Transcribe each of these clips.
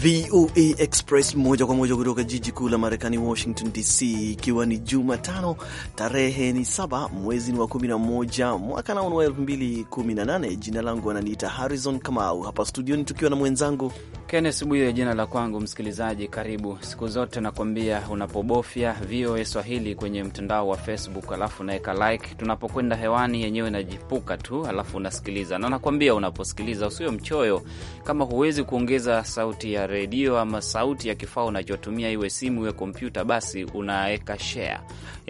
VOA Express moja kwa moja kutoka jiji kuu la Marekani, Washington DC, ikiwa ni Jumatano tarehe ni saba mwezi ni wa 11 mwaka naunu wa 2018. Jina langu ananiita Harrison Kamau, hapa studioni tukiwa na mwenzangu Kennes Bwire, jina la kwangu. Msikilizaji karibu, siku zote nakwambia unapobofya VOA Swahili kwenye mtandao wa Facebook alafu unaweka like, tunapokwenda hewani yenyewe inajipuka tu, alafu unasikiliza, na nakwambia unaposikiliza usiwe mchoyo, kama huwezi kuongeza sauti ya redio ama sauti ya kifaa unachotumia, iwe simu iwe kompyuta, basi unaweka share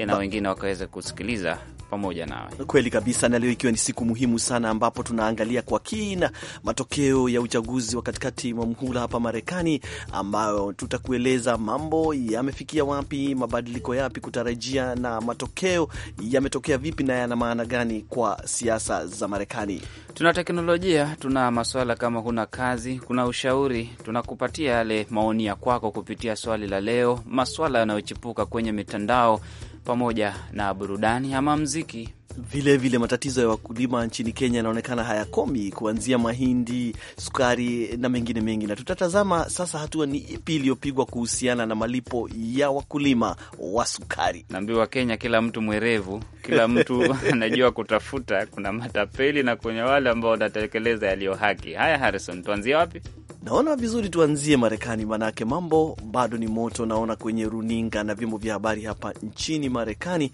na wengine wakaweza kusikiliza pamoja nawe. Kweli kabisa, na leo ikiwa ni siku muhimu sana, ambapo tunaangalia kwa kina matokeo ya uchaguzi wa katikati mwa muhula hapa Marekani, ambayo tutakueleza mambo yamefikia wapi, mabadiliko yapi kutarajia, na matokeo yametokea vipi na yana maana gani kwa siasa za Marekani. Tuna teknolojia, tuna maswala kama kuna kazi, kuna ushauri, tunakupatia yale maoni ya kwako kupitia swali la leo, maswala yanayochipuka kwenye mitandao pamoja na burudani ama mziki. Vilevile vile matatizo ya wakulima nchini Kenya yanaonekana hayakomi, kuanzia mahindi, sukari na mengine mengi, na tutatazama sasa hatua ni ipi iliyopigwa kuhusiana na malipo ya wakulima wa sukari. Naambiwa Kenya kila mtu mwerevu, kila mtu anajua kutafuta. Kuna matapeli na kwenye wale ambao wanatekeleza yaliyo haki. Haya, Harrison, tuanzie wapi? Naona vizuri tuanzie Marekani, manake mambo bado ni moto. Naona kwenye runinga na vyombo vya habari hapa nchini Marekani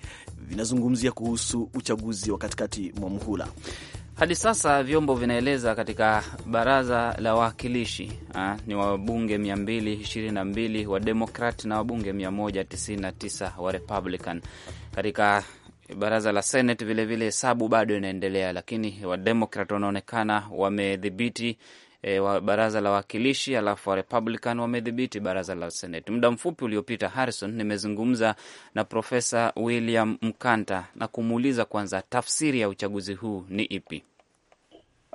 vinazungumzia kuhusu uchaguzi wa katikati mwa mhula Hadi sasa vyombo vinaeleza katika baraza la wawakilishi ah, ni wabunge 222 wa Demokrat na wabunge 199 wa Republican. Katika baraza la Senate vilevile hesabu bado inaendelea, lakini Wademokrat wanaonekana wamedhibiti e, wa baraza la wawakilishi, alafu wa Republican wamedhibiti baraza la Senate. Muda mfupi uliopita, Harrison, nimezungumza na Profesa William Mkanta na kumuuliza kwanza tafsiri ya uchaguzi huu ni ipi?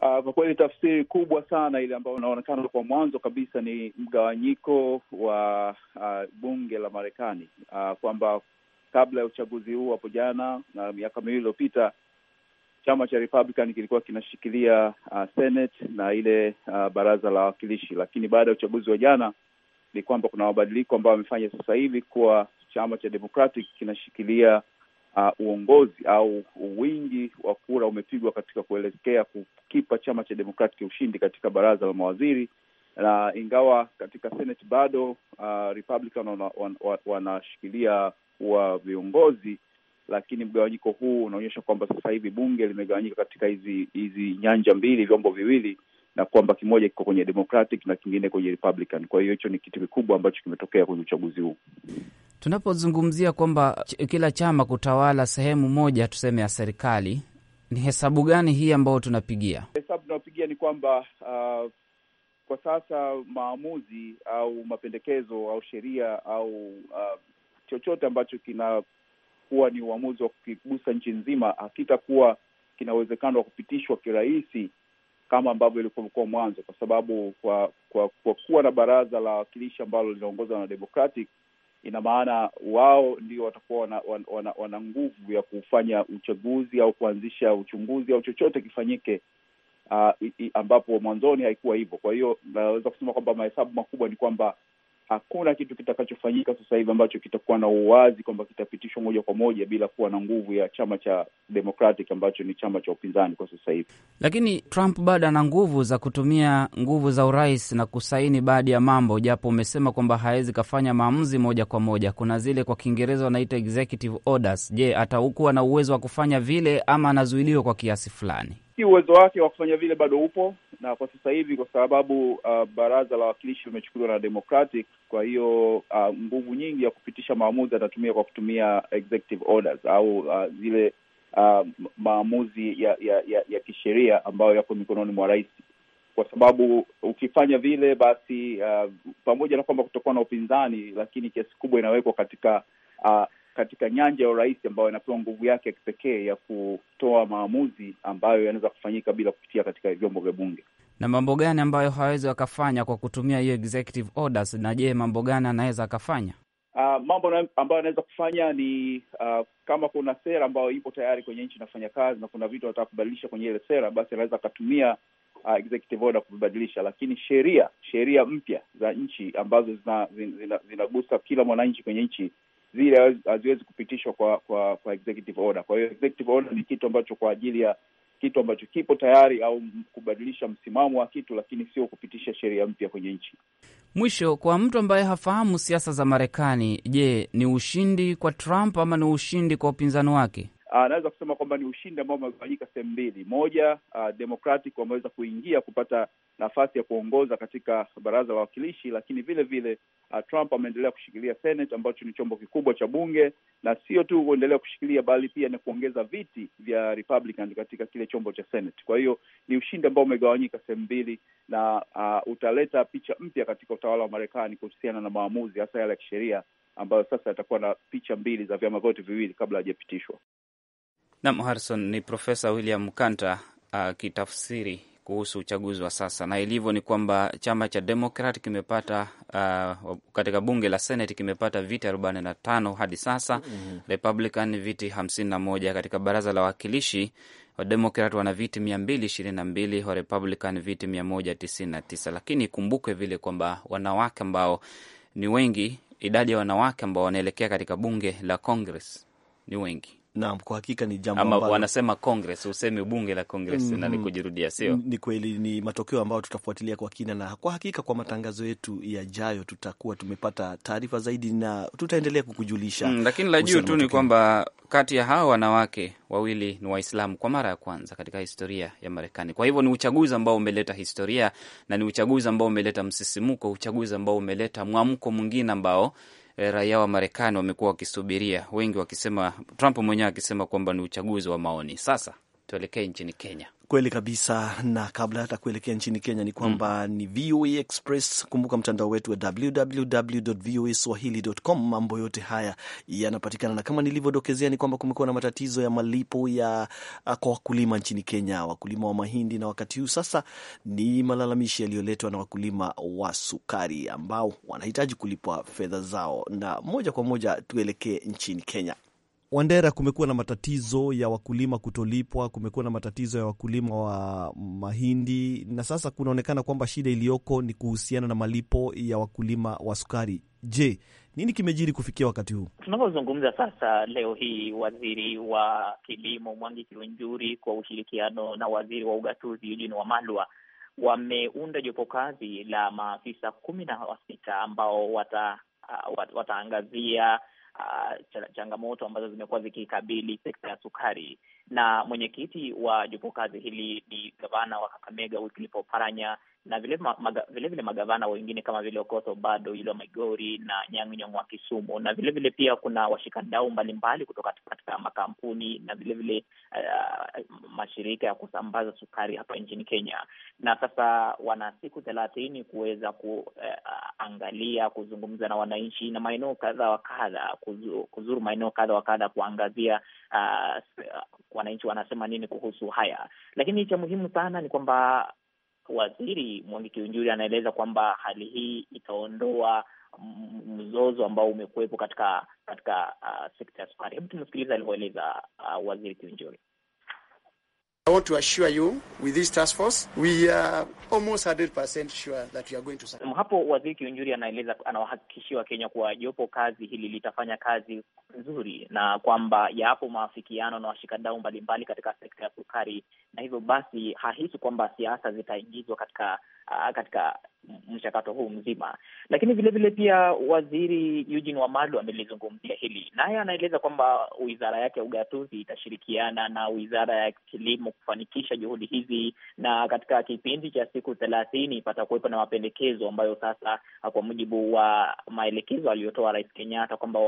Ah, kwa kweli tafsiri kubwa sana ile ambayo inaonekana kwa mwanzo kabisa ni mgawanyiko wa uh, bunge la Marekani uh, kwamba kabla ya uchaguzi huu hapo jana na miaka miwili iliyopita chama cha Republican kilikuwa kinashikilia uh, Senate na ile uh, baraza la wawakilishi, lakini baada ya uchaguzi wa jana ni kwamba kuna mabadiliko ambayo wamefanya sasa hivi kuwa chama cha Democratic kinashikilia uh, uongozi au wingi wa kura umepigwa katika kuelekea kukipa chama cha Democratic ushindi katika baraza la mawaziri, na ingawa katika Senate bado uh, Republican wanashikilia wana, wana wa viongozi lakini mgawanyiko huu unaonyesha kwamba sasa hivi bunge limegawanyika katika hizi hizi nyanja mbili, vyombo viwili, na kwamba kimoja kiko kwenye Democratic na kingine kwenye Republican. Kwa hiyo hicho ni kitu kikubwa ambacho kimetokea kwenye uchaguzi huu. Tunapozungumzia kwamba kila chama kutawala sehemu moja tuseme ya serikali, ni hesabu gani hii ambayo tunapigia? Hesabu tunayopigia ni kwamba uh, kwa sasa maamuzi au mapendekezo au sheria au uh, chochote ambacho kina kuwa ni uamuzi wa kukigusa nchi nzima, hakitakuwa kina uwezekano wa kupitishwa kirahisi kama ambavyo ilikuwa mwanzo, kwa sababu kwa kwa, kwa kuwa na baraza la wawakilishi ambalo linaongozwa na Democratic, ina maana wao ndio watakuwa wana, wana, wana, wana nguvu ya kufanya uchaguzi au kuanzisha uchunguzi au chochote kifanyike, uh, ambapo mwanzoni haikuwa hivyo. Kwa hiyo naweza kusema kwamba mahesabu makubwa ni kwamba hakuna kitu kitakachofanyika sasa hivi ambacho kitakuwa na uwazi kwamba kitapitishwa moja kwa moja bila kuwa na nguvu ya chama cha Democratic ambacho ni chama cha upinzani kwa sasa hivi. Lakini Trump bado ana nguvu za kutumia nguvu za urais na kusaini baadhi ya mambo, japo umesema kwamba hawezi kafanya maamuzi moja kwa moja. Kuna zile kwa Kiingereza wanaita executive orders. Je, atakuwa na uwezo wa kufanya vile ama anazuiliwa kwa kiasi fulani? nafikiri uwezo wake wa kufanya vile bado upo, na kwa sasa hivi kwa sababu uh, baraza la wawakilishi limechukuliwa na Democratic, kwa hiyo uh, nguvu nyingi ya kupitisha maamuzi atatumia kwa kutumia executive orders au uh, zile uh, maamuzi ya ya, ya, ya kisheria ambayo yako mikononi mwa rais, kwa sababu ukifanya vile basi uh, pamoja na kwamba kutokuwa na upinzani, lakini kiasi kubwa inawekwa katika uh, katika nyanja ya urais ambayo inapewa nguvu yake ya kipekee ya kutoa maamuzi ambayo yanaweza kufanyika bila kupitia katika vyombo vya bunge. Na mambo gani ambayo hawezi wakafanya kwa kutumia hiyo executive orders? Na je, mambo gani anaweza akafanya? Uh, mambo na, ambayo anaweza kufanya ni uh, kama kuna sera ambayo ipo tayari kwenye nchi inafanya kazi na kuna vitu anataka kubadilisha kwenye ile sera, basi anaweza akatumia uh, executive order kuvibadilisha. Lakini sheria sheria mpya za nchi ambazo zinagusa zina, zina, zina kila mwananchi kwenye nchi zile haziwezi kupitishwa kwa kwa kwa executive order. Kwa hiyo executive order ni kitu ambacho kwa ajili ya kitu ambacho kipo tayari au kubadilisha msimamo wa kitu, lakini sio kupitisha sheria mpya kwenye nchi. Mwisho, kwa mtu ambaye hafahamu siasa za Marekani, je, ni ushindi kwa Trump ama ni ushindi kwa upinzani wake? Ah, naweza kusema kwamba ni ushindi ambao umegawanyika sehemu mbili. Moja, uh, Democratic wameweza kuingia kupata nafasi ya kuongoza katika baraza la wawakilishi, lakini vile vile uh, Trump ameendelea kushikilia Senate ambacho ni chombo kikubwa cha bunge, na sio tu kuendelea kushikilia bali pia ni kuongeza viti vya Republican katika kile chombo cha Senate. Kwa hiyo ni ushindi ambao umegawanyika sehemu mbili, na uh, utaleta picha mpya katika utawala wa Marekani kuhusiana na maamuzi hasa yale ya kisheria ambayo sasa yatakuwa na picha mbili za vyama vyote viwili kabla hajapitishwa. Nam Harison ni Profesa William Kanta akitafsiri uh, kuhusu uchaguzi wa sasa na ilivyo ni kwamba chama cha Demokrat kimepata uh, katika bunge la Senate kimepata viti 45 hadi sasa mm -hmm. Republican viti 51 katika baraza la wawakilishi Wademokrat wana viti 222 wa Republican viti 199, lakini ikumbukwe vile kwamba wanawake ambao ni wengi, idadi ya wanawake ambao wanaelekea katika bunge la Congress ni wengi Naam, kwa hakika ni jambo ama ambalo wanasema Congress, useme bunge la Congress mm, na mm-hmm. ni sio ni kweli. Ni matokeo ambayo tutafuatilia kwa kina, na kwa hakika kwa matangazo yetu yajayo tutakuwa tumepata taarifa zaidi na tutaendelea kukujulisha mm. Lakini la juu tu ni kwamba kati ya hawa wanawake wawili ni Waislamu kwa mara ya kwanza katika historia ya Marekani. Kwa hivyo ni uchaguzi ambao umeleta historia na ni uchaguzi ambao umeleta msisimuko, uchaguzi ambao umeleta mwamko mwingine ambao Eh, raia wa Marekani wamekuwa wakisubiria, wengi wakisema, Trump mwenyewe akisema kwamba ni uchaguzi wa maoni. Sasa tuelekee nchini Kenya. Kweli kabisa, na kabla hata kuelekea nchini Kenya ni kwamba mm, ni VOA Express. Kumbuka mtandao wetu wa www.voaswahili.com. Mambo yote haya yanapatikana, na kama nilivyodokezea ni kwamba kumekuwa na matatizo ya malipo ya uh, kwa wakulima nchini Kenya, wakulima wa mahindi, na wakati huu sasa ni malalamishi yaliyoletwa na wakulima wa sukari ambao wanahitaji kulipwa fedha zao, na moja kwa moja tuelekee nchini Kenya. Wandera, kumekuwa na matatizo ya wakulima kutolipwa, kumekuwa na matatizo ya wakulima wa mahindi, na sasa kunaonekana kwamba shida iliyoko ni kuhusiana na malipo ya wakulima wa sukari. Je, nini kimejiri kufikia wakati huu tunavyozungumza sasa? Leo hii waziri wa kilimo Mwangi Kiunjuri kwa ushirikiano na waziri wa ugatuzi Eugene Wamalwa wameunda jopo kazi la maafisa kumi na sita ambao uh, wataangazia uh, wata uh, changamoto ambazo zimekuwa zikikabili sekta ya sukari. Na mwenyekiti wa jopo kazi hili ni gavana wa Kakamega Wycliffe Oparanya na vilevile maga, vile magavana wengine kama vile Okoth Obado, yule wa Migori na Anyang' Nyong'o wa Kisumu, na vilevile vile pia kuna washikadau mbalimbali kutoka katika makampuni na vilevile uh, mashirika ya kusambaza sukari hapa nchini Kenya. Na sasa wana siku thelathini kuweza kuangalia uh, kuzungumza na wananchi na maeneo kadha wa kadha, kuzuru, kuzuru maeneo kadha wa kadha kuangazia uh, wananchi wanasema nini kuhusu haya, lakini cha muhimu sana ni kwamba waziri Mwangi Kiunjuri anaeleza kwamba hali hii itaondoa mzozo ambao umekuwepo katika katika uh, sekta ya sukari. Hebu tumsikiliza alivyoeleza uh, waziri Kiunjuri want to assure you with this task force we are almost sure that we are going um, Hapo Waziri Kiunjuri anaeleza, anawahakikishia Wakenya kuwa jopo kazi hili litafanya kazi nzuri na kwamba yapo maafikiano na washikadau mbalimbali katika sekta ya sukari, na hivyo basi hahisi kwamba siasa zitaingizwa katika uh, katika mchakato huu mzima. Lakini vilevile vile pia waziri Eugene Wamalwa amelizungumzia hili, naye anaeleza kwamba wizara yake ya ugatuzi itashirikiana na wizara ya kilimo kufanikisha juhudi hizi, na katika kipindi cha siku thelathini patakuwepo na mapendekezo ambayo sasa, ah, kwa mujibu wa maelekezo aliyotoa Rais Kenyatta kwamba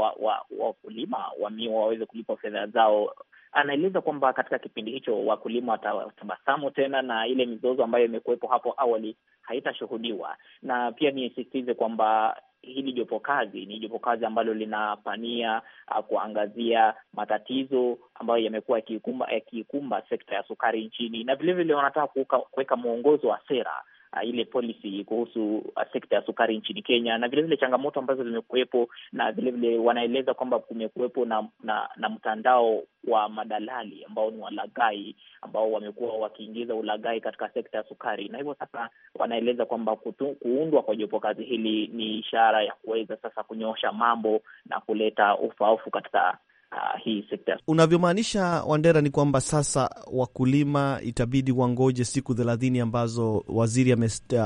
wakulima wa, wa, wa miwa waweze kulipwa fedha zao anaeleza kwamba katika kipindi hicho wakulima watatabasamu tena na ile mizozo ambayo imekuwepo hapo awali haitashuhudiwa, na pia niisisitize kwamba hili jopo kazi ni jopo kazi ambalo linapania ah, kuangazia matatizo ambayo yamekuwa yakiikumba sekta ya sukari nchini, na vilevile wanataka kuweka mwongozo wa sera uh, ile policy kuhusu uh, sekta ya sukari nchini Kenya na vilevile changamoto ambazo zimekuwepo, na vilevile wanaeleza kwamba kumekuwepo na, na, na mtandao wa madalali ambao ni walaghai ambao wamekuwa wakiingiza ulaghai katika sekta ya sukari, na hivyo sasa wanaeleza kwamba kuundwa kwa jopo kazi hili ni ishara ya kuweza sasa kunyoosha mambo na kuleta ufaufu katika uh, hii sekta. Unavyomaanisha Wandera, ni kwamba sasa wakulima itabidi wangoje siku thelathini ambazo waziri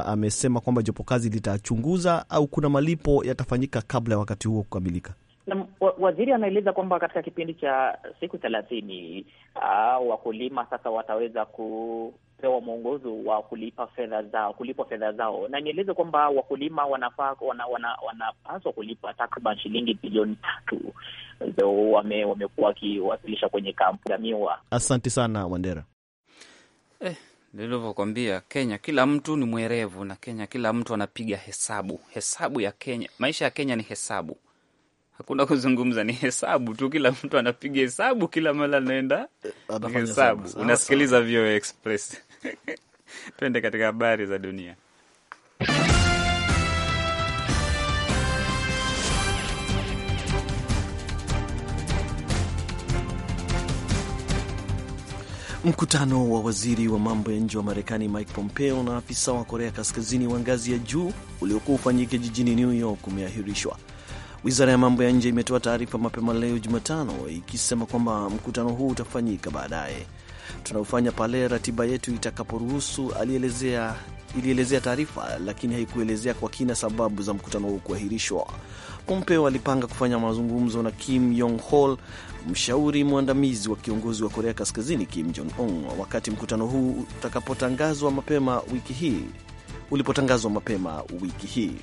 amesema kwamba jopo kazi litachunguza, au kuna malipo yatafanyika kabla ya wakati huo kukamilika? Na waziri anaeleza kwamba katika kipindi cha siku thelathini ah, wakulima sasa wataweza kupewa mwongozo wa kulipa fedha zao, kulipwa fedha zao, na nieleze kwamba wakulima wanafaa wana, wana, wanapaswa kulipa takriban shilingi bilioni tatu wamekuwa wame, wamekuwa wakiwasilisha kwenye kampu gamiwa. Asante sana Wandera. Eh, nilivyokwambia Kenya kila mtu ni mwerevu, na Kenya kila mtu anapiga hesabu. Hesabu ya Kenya, maisha ya Kenya ni hesabu hakuna kuzungumza, ni hesabu tu. Kila mtu anapiga hesabu, kila mara anaenda eh, hesabu. Unasikiliza VOA Express. Twende katika habari za dunia. Mkutano wa waziri wa mambo ya nje wa Marekani Mike Pompeo na afisa wa Korea Kaskazini wa ngazi ya juu uliokuwa ufanyike jijini New York umeahirishwa Wizara ya mambo ya nje imetoa taarifa mapema leo Jumatano ikisema kwamba mkutano huu utafanyika baadaye, tunaofanya pale ratiba yetu itakaporuhusu, alielezea ilielezea taarifa, lakini haikuelezea kwa kina sababu za mkutano huu kuahirishwa. Pompeo alipanga kufanya mazungumzo na Kim Yong Hol, mshauri mwandamizi wa kiongozi wa Korea Kaskazini Kim Jong Un, wakati mkutano huu utakapotangazwa mapema wiki hii ulipotangazwa mapema wiki hii.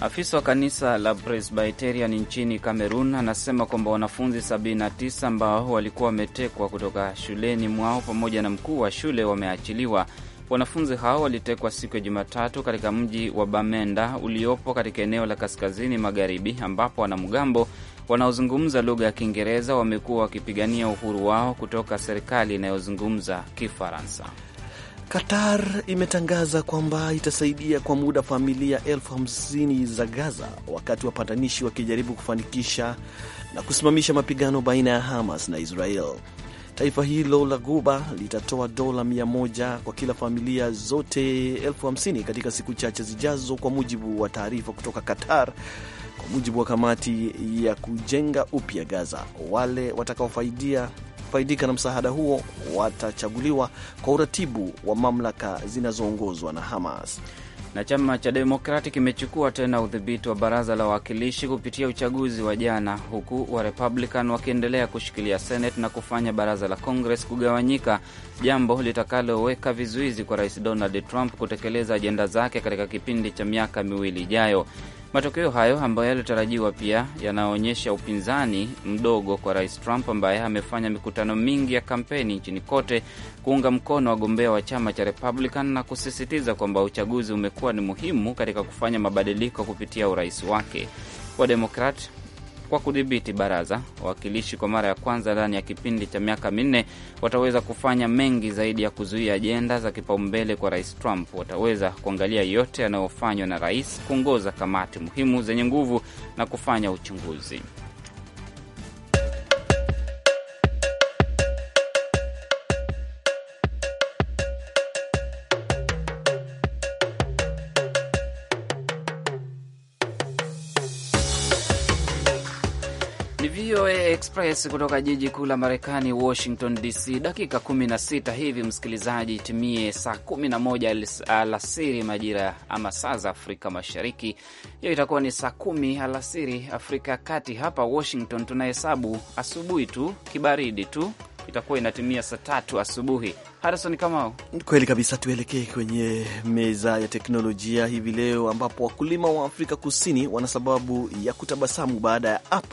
Afisa wa kanisa la Presbyterian nchini Kamerun anasema kwamba wanafunzi 79 ambao walikuwa wametekwa kutoka shuleni mwao pamoja na mkuu wa shule wameachiliwa. Wanafunzi hao walitekwa siku ya Jumatatu katika mji wa Bamenda uliopo katika eneo la kaskazini magharibi, ambapo wanamgambo wanaozungumza lugha ya Kiingereza wamekuwa wakipigania uhuru wao kutoka serikali inayozungumza Kifaransa. Qatar imetangaza kwamba itasaidia kwa muda familia elfu hamsini za Gaza wakati wapatanishi wakijaribu kufanikisha na kusimamisha mapigano baina ya Hamas na Israel. Taifa hilo la Guba litatoa dola 1 kwa kila familia zote elfu hamsini katika siku chache zijazo, kwa mujibu wa taarifa kutoka Qatar, kwa mujibu wa kamati ya kujenga upya Gaza. Wale watakaofaidia kufaidika na msaada huo watachaguliwa kwa uratibu wa mamlaka zinazoongozwa na Hamas. Na chama cha Demokrati kimechukua tena udhibiti wa baraza la wawakilishi kupitia uchaguzi wa jana, huku wa Republican wakiendelea kushikilia Senate na kufanya baraza la Congress kugawanyika, jambo litakaloweka vizuizi kwa Rais Donald Trump kutekeleza ajenda zake katika kipindi cha miaka miwili ijayo. Matokeo hayo ambayo yalitarajiwa pia yanaonyesha upinzani mdogo kwa Rais Trump ambaye amefanya mikutano mingi ya kampeni nchini kote kuunga mkono wagombea wa chama cha Republican na kusisitiza kwamba uchaguzi umekuwa ni muhimu katika kufanya mabadiliko kupitia urais wake. Wademokrat kwa kudhibiti baraza. Wawakilishi kwa mara ya kwanza ndani ya kipindi cha miaka minne wataweza kufanya mengi zaidi ya kuzuia ajenda za kipaumbele kwa rais Trump. Wataweza kuangalia yote yanayofanywa na rais, kuongoza kamati muhimu zenye nguvu na kufanya uchunguzi. ni VOA Express kutoka jiji kuu la Marekani, Washington DC. Dakika 16 hivi, msikilizaji, itimie saa 11 alasiri majira ama saa za Afrika Mashariki. Hiyo itakuwa ni saa kumi alasiri Afrika ya Kati. Hapa Washington tunahesabu asubuhi tu, kibaridi tu, itakuwa inatimia saa tatu asubuhi. Harison Kamau, kweli kabisa. Tuelekee kwenye meza ya teknolojia hivi leo, ambapo wakulima wa Afrika Kusini wana sababu ya kutabasamu baada ya app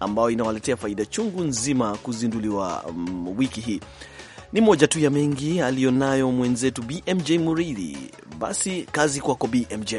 ambayo inawaletea faida chungu nzima kuzinduliwa um, wiki hii. Ni moja tu ya mengi aliyonayo mwenzetu BMJ Muridhi. Basi kazi kwako BMJ.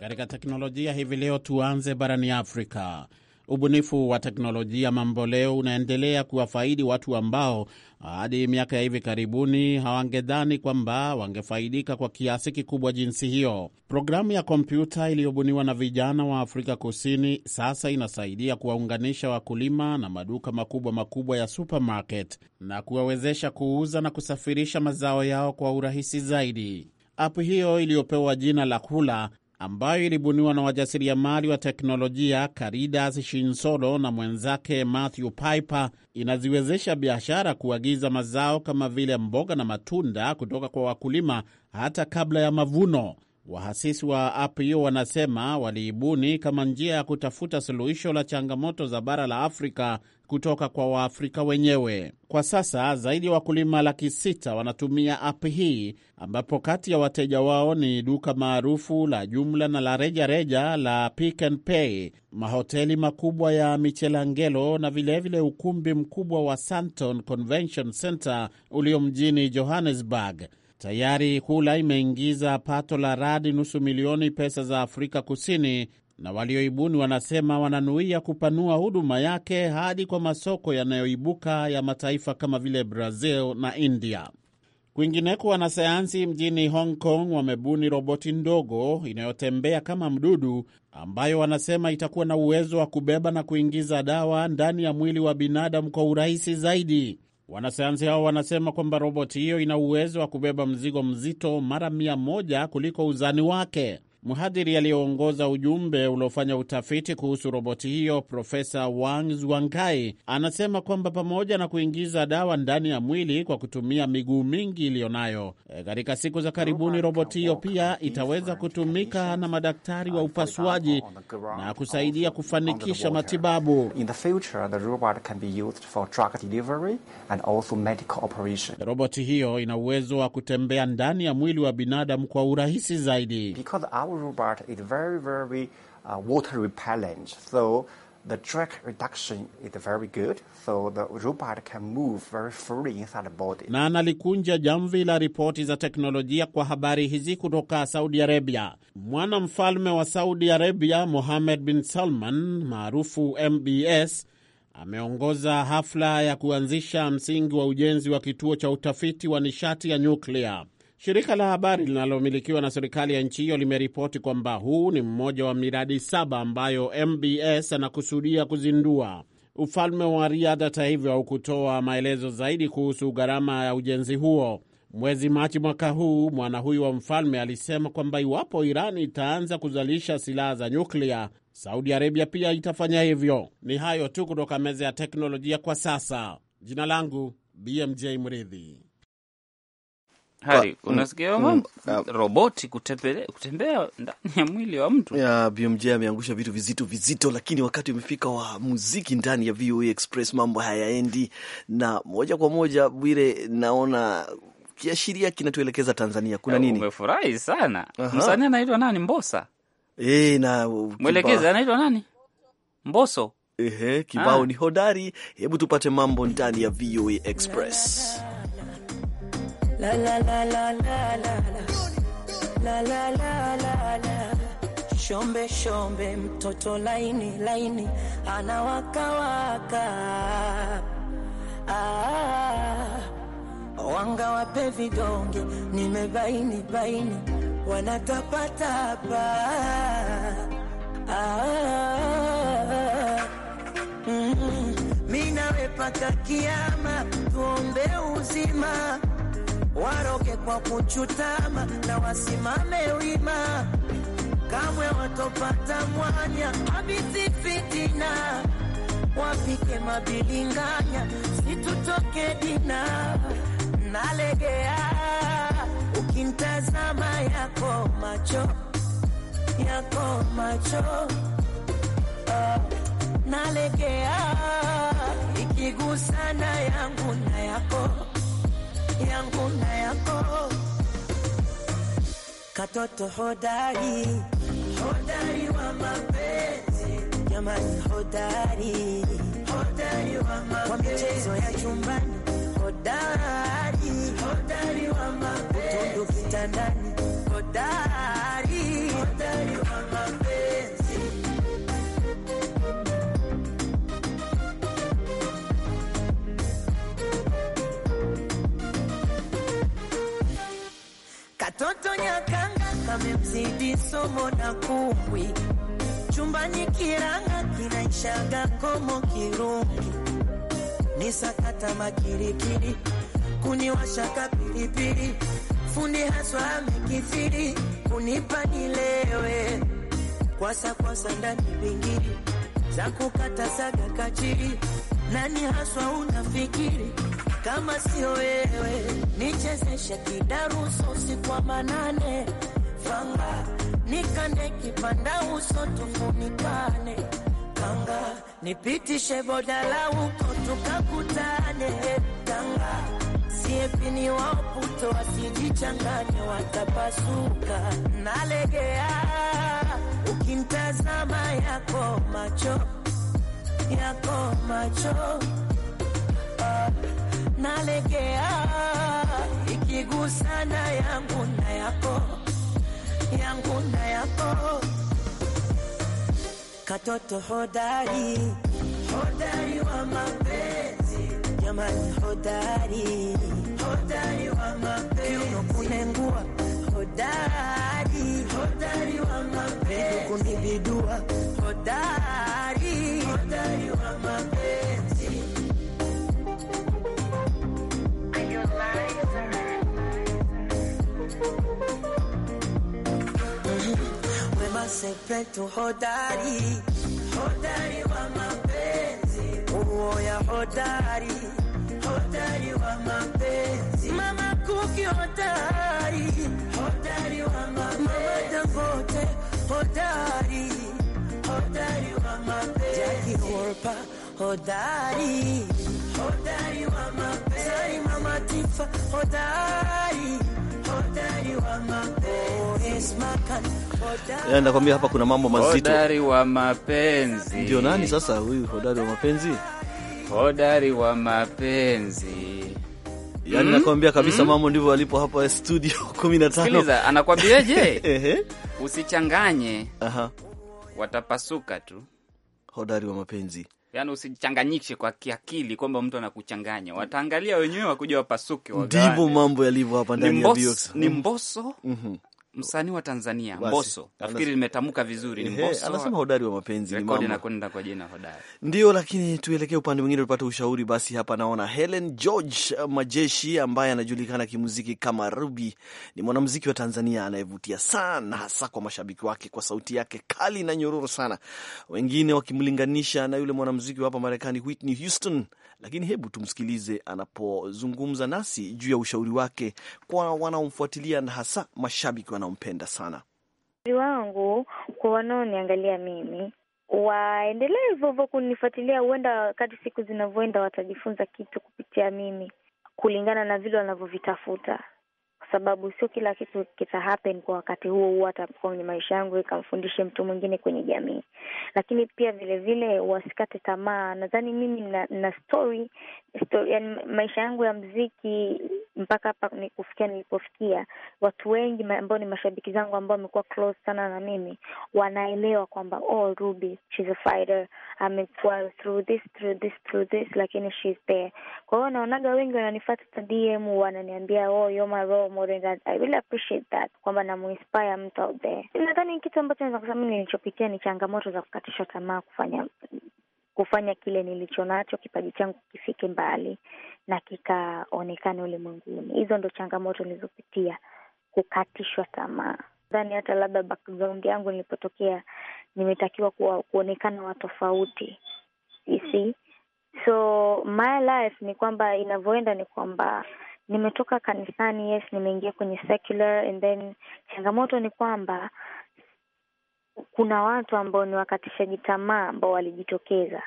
Katika teknolojia hivi leo, tuanze barani Afrika ubunifu wa teknolojia mambo leo unaendelea kuwafaidi watu ambao hadi miaka ya hivi karibuni hawangedhani kwamba wangefaidika kwa kiasi kikubwa jinsi hiyo. Programu ya kompyuta iliyobuniwa na vijana wa Afrika Kusini sasa inasaidia kuwaunganisha wakulima na maduka makubwa makubwa ya supermarket na kuwawezesha kuuza na kusafirisha mazao yao kwa urahisi zaidi. Apu hiyo iliyopewa jina la Kula ambayo ilibuniwa na wajasiriamali wa teknolojia Karidas Shinsolo na mwenzake Matthew Piper inaziwezesha biashara kuagiza mazao kama vile mboga na matunda kutoka kwa wakulima hata kabla ya mavuno wahasisi wa app hiyo wanasema waliibuni kama njia ya kutafuta suluhisho la changamoto za bara la Afrika kutoka kwa Waafrika wenyewe. Kwa sasa zaidi ya wakulima laki sita wanatumia app hii, ambapo kati ya wateja wao ni duka maarufu la jumla na la rejareja la Pick n Pay, mahoteli makubwa ya Michelangelo na vilevile vile ukumbi mkubwa wa Sandton Convention Center ulio mjini Johannesburg. Tayari kula imeingiza pato la radi nusu milioni pesa za Afrika Kusini, na walioibuni wanasema wananuia kupanua huduma yake hadi kwa masoko yanayoibuka ya mataifa kama vile Brazil na India. Kwingineko, wanasayansi mjini Hong Kong wamebuni roboti ndogo inayotembea kama mdudu ambayo wanasema itakuwa na uwezo wa kubeba na kuingiza dawa ndani ya mwili wa binadamu kwa urahisi zaidi. Wanasayansi hao wanasema kwamba roboti hiyo ina uwezo wa kubeba mzigo mzito mara mia moja kuliko uzani wake. Mhadhiri aliyeongoza ujumbe uliofanya utafiti kuhusu roboti hiyo, Profesa Wang zwangai anasema kwamba pamoja na kuingiza dawa ndani ya mwili kwa kutumia miguu mingi iliyonayo, eh, katika siku za karibuni roboti hiyo pia itaweza kutumika na madaktari wa upasuaji na kusaidia kufanikisha matibabu. Roboti hiyo ina uwezo wa kutembea ndani ya mwili wa binadamu kwa urahisi zaidi. Because robot is very, very uh, water repellent. So the drag reduction is very good, so the robot can move very freely inside the body. Na nalikunja jamvi la ripoti za teknolojia kwa habari hizi kutoka Saudi Arabia. Mwana mfalme wa Saudi Arabia Mohammed bin Salman maarufu MBS ameongoza hafla ya kuanzisha msingi wa ujenzi wa kituo cha utafiti wa nishati ya nyuklia. Shirika la habari linalomilikiwa na serikali ya nchi hiyo limeripoti kwamba huu ni mmoja wa miradi saba ambayo MBS anakusudia kuzindua. Ufalme wa Riyadh, hata hivyo, haukutoa maelezo zaidi kuhusu gharama ya ujenzi huo. Mwezi Machi mwaka huu, mwana huyu wa mfalme alisema kwamba iwapo Irani itaanza kuzalisha silaha za nyuklia, Saudi Arabia pia itafanya hivyo. Ni hayo tu kutoka meza ya teknolojia kwa sasa. Jina langu BMJ Mridhi. Hari, unasikia uh, roboti kutembea kutembea ndani ya mwili wa mtu. Ya BMJ ameangusha vitu vizito vizito, lakini wakati umefika wa muziki ndani ya VOA Express, mambo hayaendi na moja kwa moja. Bwire, naona kiashiria kinatuelekeza Tanzania kuna eh, nini? Umefurahi sana. Msanii anaitwa nani? Mbosa. E, na mwelekezi anaitwa nani? Mboso. Ehe, kibao ah. ni hodari. Hebu tupate mambo ndani ya VOA Express. La shombe shombe, mtoto laini laini anawakawaka ah, wanga wape vidonge, nimebaini baini wanatapatapa ah, mm, mm-hmm. minawe paka kiama tuombe uzima waroke kwa kuchutama na wasimame wima, kamwe watopata mwanya abiti fitina, wapike mabilinganya, situtoke dina nalegea. Ukintazama yako macho yako macho uh, nalegea ikigusana yangu na yako yangu na yako, katoto hodari, hodari wa mapenzi, jamani hodari, hodari wa mapenzi, kwa michezo ya chumbani hodari, hodari wa mapenzi somo na kumbwi chumbani kiranga kinaishaga komo kirungi sakata makirikiri kuniwashaka pilipili fundi haswa amekithiri kunipa nilewe kwasa kwasa ndani bingiri za kukata saga kachiri nani haswa unafikiri kama sio wewe nichezeshe kidaruso usiku wa manane fanga nikande kipanda uso tufunikane, Tanga nipitishe bodala uko tukakutane, Tanga siepini waoputo wasijichanganye watapasuka, nalegea ukintazama yako macho yako macho ah, nalegea ikigusana yangu na yako yangu na yako, katoto hodari, hodari wa mapenzi jamani, hodari, hodari wa mapenzi, kiuno kunengua, hodari, hodari wa mapenzi, kunibidua, hodari, hodari wa mapenzi Sepetu hodari, hodari wa mapenzi, uoya hodari, hodari wa mapenzi, Mama Kuki hodari, hodari wa mapenzi, Mama Dangote hodari, hodari wa mapenzi, Jackie Wolper hodari, hodari wa mapenzi, Mama Tifa hodari nakwambia hapa kuna mambo mazito. Hodari wa mapenzi. Ndio nani sasa huyu hodari wa mapenzi? Hodari wa mapenzi. Yaani mm Nakwambia kabisa mm -hmm. Mambo ndivyo alipo hapa studio 15. Sikiliza, anakwambiaje? Usichanganye. Aha. Watapasuka tu. Hodari wa mapenzi yani usichanganyike kwa kiakili kwamba mtu anakuchanganya, mm. wataangalia wenyewe wakuja wapasuke. Ndivyo mambo yalivyo hapa ndani ya ni mboso mm -hmm msanii wa Tanzania Mboso nafikiri limetamka vizuri, ni Mbosso anasema hodari wa mapenzi, rekodi nakwenda kwa jina hodari. Ndio, lakini tuelekee upande mwingine, tupate ushauri basi. Hapa naona Helen George Majeshi ambaye anajulikana kimuziki kama Ruby ni mwanamuziki wa Tanzania anayevutia sana, hasa kwa mashabiki wake kwa sauti yake kali na nyororo sana, wengine wakimlinganisha na yule mwanamuziki wa hapa Marekani Whitney Houston lakini hebu tumsikilize anapozungumza nasi juu ya ushauri wake kwa wanaomfuatilia na hasa mashabiki wanaompenda sana. wangu kwa wanaoniangalia mimi waendelee hivyo hivyo kunifuatilia. Huenda kadri siku zinavyoenda watajifunza kitu kupitia mimi, kulingana na vile wanavyovitafuta kwa sababu sio kila kitu kita happen kwa wakati huo huo, hata kwenye maisha yangu ikamfundishe mtu mwingine kwenye jamii. Lakini pia vile vile wasikate tamaa. Nadhani mimi na, na story, story, yani maisha yangu ya mziki mpaka hapa ni kufikia nilipofikia, watu wengi ambao ni mashabiki zangu ambao wamekuwa close sana na mimi wanaelewa kwamba oh, Ruby she's a fighter, amekuwa through this through this through this, lakini she's there. Kwa hiyo naonaga wengi wananifuata DM, wananiambia oh, you're my role more than that I really appreciate that kwamba namuinspire mtu out there. Nadhani kitu ambacho naweza kusema mi nilichopitia ni changamoto za kukatishwa tamaa, kufanya kufanya kile nilicho nacho, kipaji changu kifike mbali na kikaonekane ulimwenguni. Hizo ndo changamoto nilizopitia, kukatishwa tamaa. Nadhani hata labda background yangu nilipotokea, nimetakiwa kuwa, kuonekana wa tofauti you see? So my life ni kwamba inavyoenda ni kwamba nimetoka kanisani, yes, nimeingia kwenye secular and then changamoto ni kwamba kuna watu ambao ni wakatishaji tamaa ambao walijitokeza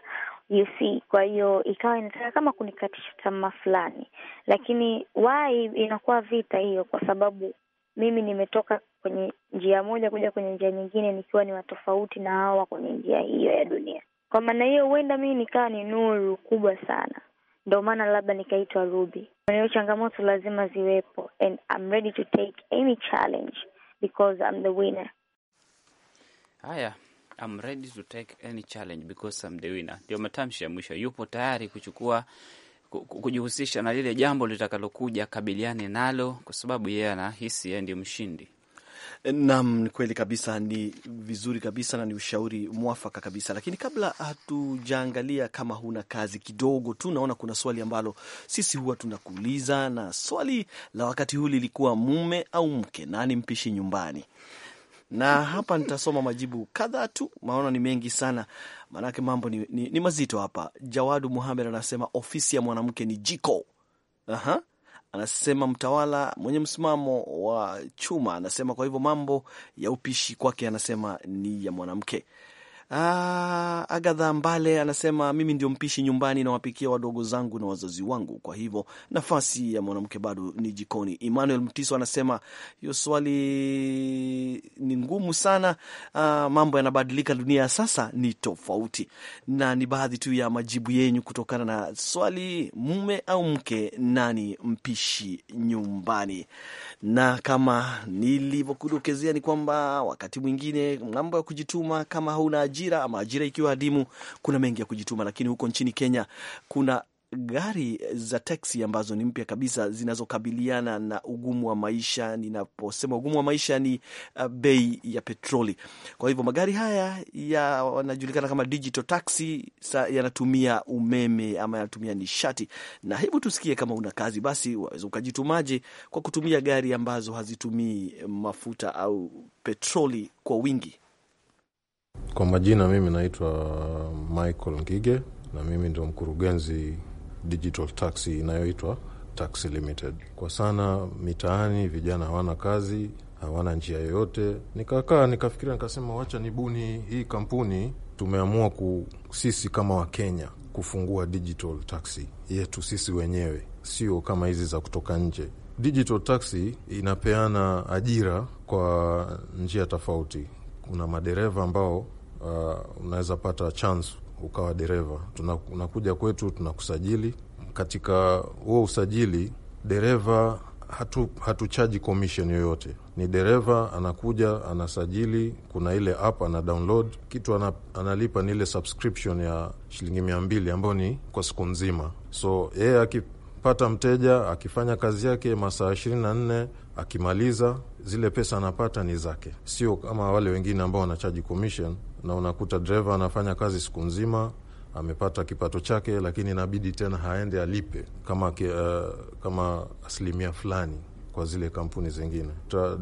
you see. Kwa hiyo ikawa inataka kama kunikatisha tamaa fulani, lakini why inakuwa vita hiyo, kwa sababu mimi nimetoka kwenye njia moja kuja kwenye njia nyingine nikiwa ni watofauti na hawa kwenye njia hiyo ya dunia. Kwa maana hiyo, huenda mimi nikawa ni nuru kubwa sana Ndo maana labda nikaitwa Ruby. Hiyo changamoto lazima ziwepo, and I'm ready to take any challenge because I'm the winner. Haya, I'm ready to take any challenge because I'm the winner, ndio matamshi ya mwisho. Yupo tayari kuchukua kujihusisha na lile jambo litakalokuja, kabiliane nalo, kwa sababu yeye anahisi yeye ndio mshindi. Naam, ni kweli kabisa, ni vizuri kabisa na ni ushauri mwafaka kabisa. Lakini kabla hatujaangalia kama huna kazi, kidogo tu naona kuna swali ambalo sisi huwa tunakuuliza, na swali la wakati huu lilikuwa mume au mke, nani mpishi nyumbani? Na hapa nitasoma majibu kadhaa tu, maona ni mengi sana, maanake mambo ni, ni, ni mazito hapa. Jawadu Muhamed anasema ofisi ya mwanamke ni jiko. Aha anasema mtawala mwenye msimamo wa chuma, anasema kwa hivyo mambo ya upishi kwake, anasema ni ya mwanamke. Ah, Agatha Mbale anasema mimi ndio mpishi nyumbani, nawapikia wadogo zangu na wazazi wangu, kwa hivyo nafasi ya mwanamke bado ni jikoni. Emmanuel Mtiso anasema hiyo swali ni ngumu sana. Ah, mambo yanabadilika, dunia ya sasa ni tofauti. Na ni baadhi tu ya majibu yenyu kutokana na swali, mume au mke, nani mpishi nyumbani? Na kama nilivyokudokezea ni kwamba wakati mwingine mambo ya kujituma, kama hauna ajira ama ajira ikiwa adimu. Kuna mengi ya kujituma, lakini huko nchini Kenya kuna gari za teksi ambazo ni mpya kabisa zinazokabiliana na ugumu wa maisha. Ninaposema ugumu wa maisha ni uh, bei ya petroli. Kwa hivyo magari haya yanajulikana kama digital taxi, yanatumia umeme ama yanatumia nishati. Na hebu tusikie, kama una kazi basi waweza ukajitumaje kwa kutumia gari ambazo hazitumii mafuta au petroli kwa wingi. Kwa majina mimi naitwa Michael Ngige na mimi ndio mkurugenzi digital taxi inayoitwa Taxi Limited. Kwa sana mitaani vijana hawana kazi, hawana njia yoyote. Nikakaa nikafikiria, nikasema wacha nibuni hii kampuni. Tumeamua ku sisi kama Wakenya kufungua digital taxi yetu sisi wenyewe, sio kama hizi za kutoka nje. Digital taxi inapeana ajira kwa njia tofauti kuna madereva ambao uh, unaweza pata chance ukawa dereva. Unakuja kwetu tunakusajili. Katika huo usajili, dereva hatu hatuchaji commission yoyote. Ni dereva anakuja anasajili, kuna ile app ana download kitu ana, analipa ni ile subscription ya shilingi mia mbili ambayo ni kwa siku nzima. So yeye yeah, akipata mteja akifanya kazi yake masaa ishirini na nne Akimaliza zile pesa anapata ni zake, sio kama wale wengine ambao wanachaji commission, na unakuta dereva anafanya kazi siku nzima amepata kipato chake, lakini inabidi tena haende alipe kama, ke, uh, kama asilimia fulani kwa zile kampuni zingine.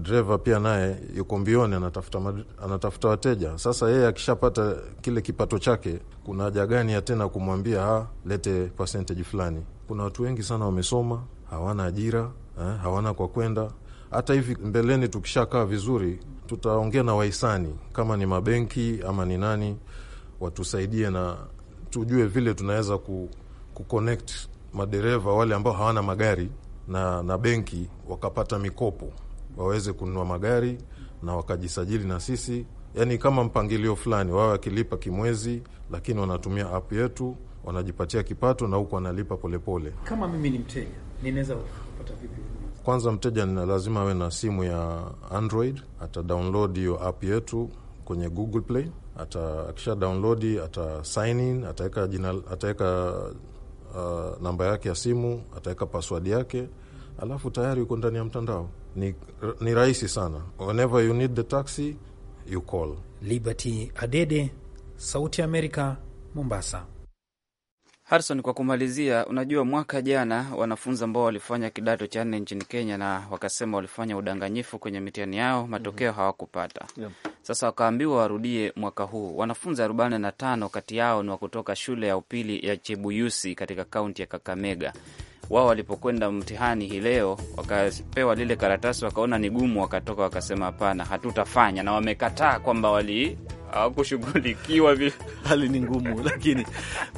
Dereva pia naye yuko mbioni, anatafuta anatafuta wateja. Sasa yeye akishapata kile kipato chake, kuna haja gani ya tena kumwambia ha, ah, lete percentage fulani? Kuna watu wengi sana wamesoma, hawana ajira eh, hawana kwa kwenda hata hivi mbeleni tukishakaa vizuri, tutaongea na wahisani kama ni mabenki ama ni nani, watusaidie na tujue vile tunaweza ku, kuconnect madereva wale ambao hawana magari na, na benki wakapata mikopo waweze kununua magari na wakajisajili na sisi, yani kama mpangilio fulani, wawe wakilipa kimwezi, lakini wanatumia app yetu wanajipatia kipato na huku wanalipa polepole. Kama mimi ni mteja ninaweza kupata vipi? Kwanza mteja ni lazima awe na simu ya Android, ata download hiyo app yetu kwenye Google Play. Ata akisha download ata sign in, ataweka jina, ataweka uh, namba yake ya simu, ataweka password yake, alafu tayari uko ndani ya mtandao. Ni, ni rahisi sana. Whenever you need the taxi you call. Liberty Adede, Sauti ya Amerika, Mombasa. Harison, kwa kumalizia, unajua mwaka jana wanafunzi ambao walifanya kidato cha nne nchini Kenya na wakasema walifanya udanganyifu kwenye mitihani yao, matokeo mm -hmm. hawakupata yeah. Sasa wakaambiwa warudie mwaka huu. Wanafunzi arobaini na tano kati yao ni wa kutoka shule ya upili ya Chebuyusi katika kaunti ya Kakamega wao walipokwenda mtihani hii leo wakapewa lile karatasi, wakaona ni gumu, wakatoka wakasema hapana, hatutafanya, na wamekataa kwamba wali hawakushughulikiwa vile. Hali ni ngumu, lakini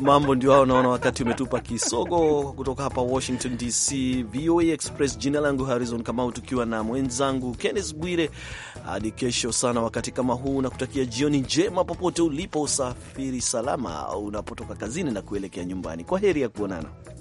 mambo ndio hao. Naona wakati umetupa kisogo. Kutoka hapa Washington DC, VOA Express, jina langu Harrison Kamau, tukiwa na mwenzangu Kenneth Bwire. Hadi kesho sana wakati kama huu, na kutakia jioni njema popote ulipo, usafiri salama unapotoka kazini na kuelekea nyumbani. Kwa heri ya kuonana.